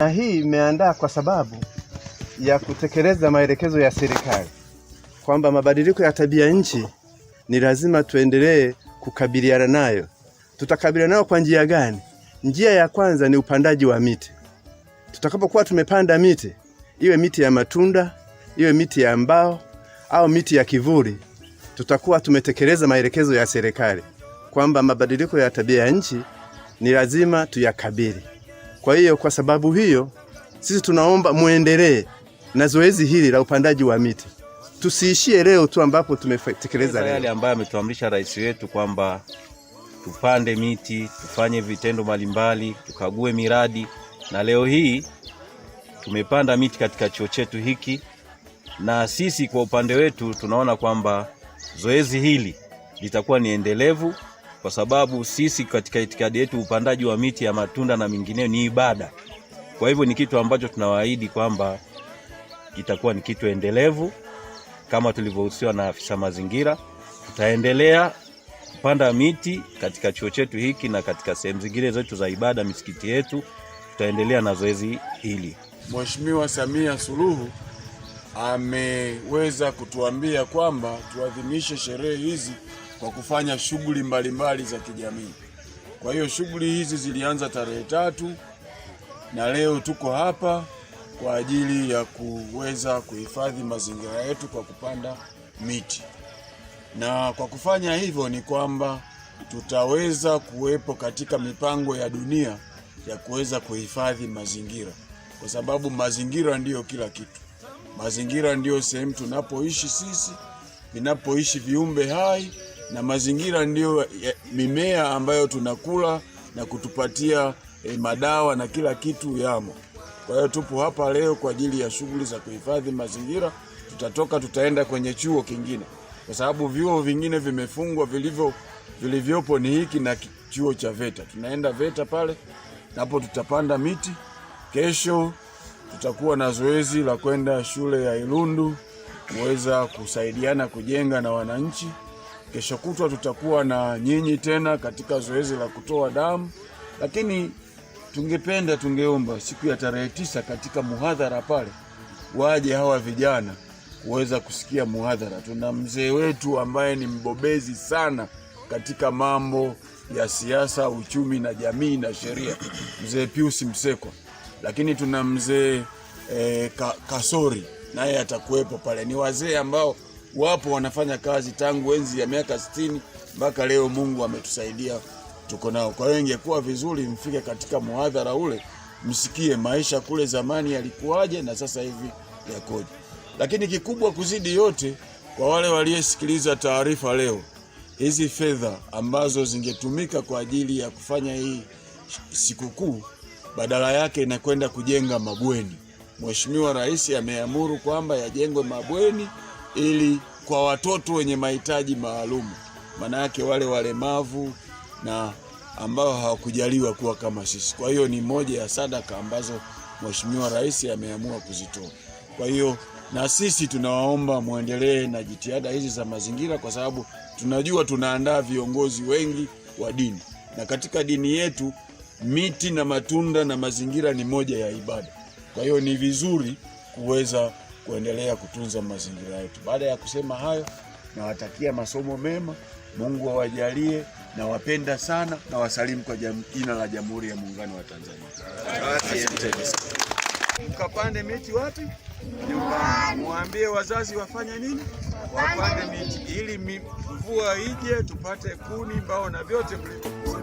Na hii imeandaa kwa sababu ya kutekeleza maelekezo ya serikali kwamba mabadiliko ya tabia nchi ni lazima tuendelee kukabiliana nayo. Tutakabiliana nayo kwa njia gani? Njia ya kwanza ni upandaji wa miti. Tutakapokuwa tumepanda miti, iwe miti ya matunda, iwe miti ya mbao au miti ya kivuli, tutakuwa tumetekeleza maelekezo ya serikali kwamba mabadiliko ya tabia ya nchi ni lazima tuyakabili. Kwa hiyo kwa sababu hiyo sisi tunaomba muendelee na zoezi hili la upandaji wa miti, tusiishie leo tu ambapo tumetekeleza leo yale ambayo ametuamrisha rais wetu kwamba tupande miti, tufanye vitendo mbalimbali, tukague miradi, na leo hii tumepanda miti katika chuo chetu hiki, na sisi kwa upande wetu tunaona kwamba zoezi hili litakuwa ni endelevu kwa sababu sisi katika itikadi yetu upandaji wa miti ya matunda na mingineo ni ibada. Kwa hivyo ni kitu ambacho tunawaahidi kwamba kitakuwa ni kitu endelevu kama tulivyohusiwa na afisa mazingira. Tutaendelea kupanda miti katika chuo chetu hiki na katika sehemu zingine zetu za ibada, misikiti yetu, tutaendelea na zoezi hili. Mheshimiwa Samia Suluhu ameweza kutuambia kwamba tuadhimishe sherehe hizi kwa kufanya shughuli mbalimbali za kijamii. Kwa hiyo shughuli hizi zilianza tarehe tatu na leo tuko hapa kwa ajili ya kuweza kuhifadhi mazingira yetu kwa kupanda miti, na kwa kufanya hivyo ni kwamba tutaweza kuwepo katika mipango ya dunia ya kuweza kuhifadhi mazingira, kwa sababu mazingira ndiyo kila kitu. Mazingira ndiyo sehemu tunapoishi sisi, vinapoishi viumbe hai na mazingira ndiyo mimea ambayo tunakula na kutupatia eh, madawa na kila kitu yamo. Kwa hiyo tupo hapa leo kwa ajili ya shughuli za kuhifadhi mazingira. Tutatoka tutaenda kwenye chuo kingine, kwa sababu vyuo vingine vimefungwa, vilivyo vilivyopo ni hiki na chuo cha VETA. Tunaenda VETA pale, napo tutapanda miti. Kesho tutakuwa na zoezi la kwenda shule ya Ilundu kuweza kusaidiana kujenga na wananchi Kesho kutwa tutakuwa na nyinyi tena katika zoezi la kutoa damu, lakini tungependa tungeomba siku ya tarehe tisa katika muhadhara pale waje hawa vijana kuweza kusikia muhadhara. Tuna mzee wetu ambaye ni mbobezi sana katika mambo ya siasa, uchumi na jamii na sheria, mzee Pius Msekwa, lakini tuna mzee eh, Kasori naye atakuwepo pale. Ni wazee ambao wapo wanafanya kazi tangu enzi ya miaka sitini mpaka leo, Mungu ametusaidia tuko nao. Kwa hiyo ingekuwa vizuri mfike katika muhadhara ule msikie maisha kule zamani yalikuwaje na sasa hivi yakoje. Lakini kikubwa kuzidi yote, kwa wale waliesikiliza taarifa leo, hizi fedha ambazo zingetumika kwa ajili ya kufanya hii sikukuu, badala yake inakwenda kujenga mabweni. Mheshimiwa Rais ameamuru kwamba yajengwe mabweni ili kwa watoto wenye mahitaji maalum, maana yake wale walemavu na ambao hawakujaliwa kuwa kama sisi. Kwa hiyo ni moja ya sadaka ambazo Mheshimiwa Rais ameamua kuzitoa. Kwa hiyo na sisi tunawaomba muendelee na jitihada hizi za mazingira, kwa sababu tunajua tunaandaa viongozi wengi wa dini, na katika dini yetu miti na matunda na mazingira ni moja ya ibada. Kwa hiyo ni vizuri kuweza kuendelea kutunza mazingira yetu. Baada ya kusema hayo, nawatakia masomo mema, Mungu awajalie wa na wapenda sana na wasalimu kwa jina la Jamhuri ya Muungano wa Tanzania. Mkapande miti wapi? Nyumbani. Muambie wazazi wafanye nini? Wapande miti ili mvua ije tupate kuni, mbao na vyote mlivyo.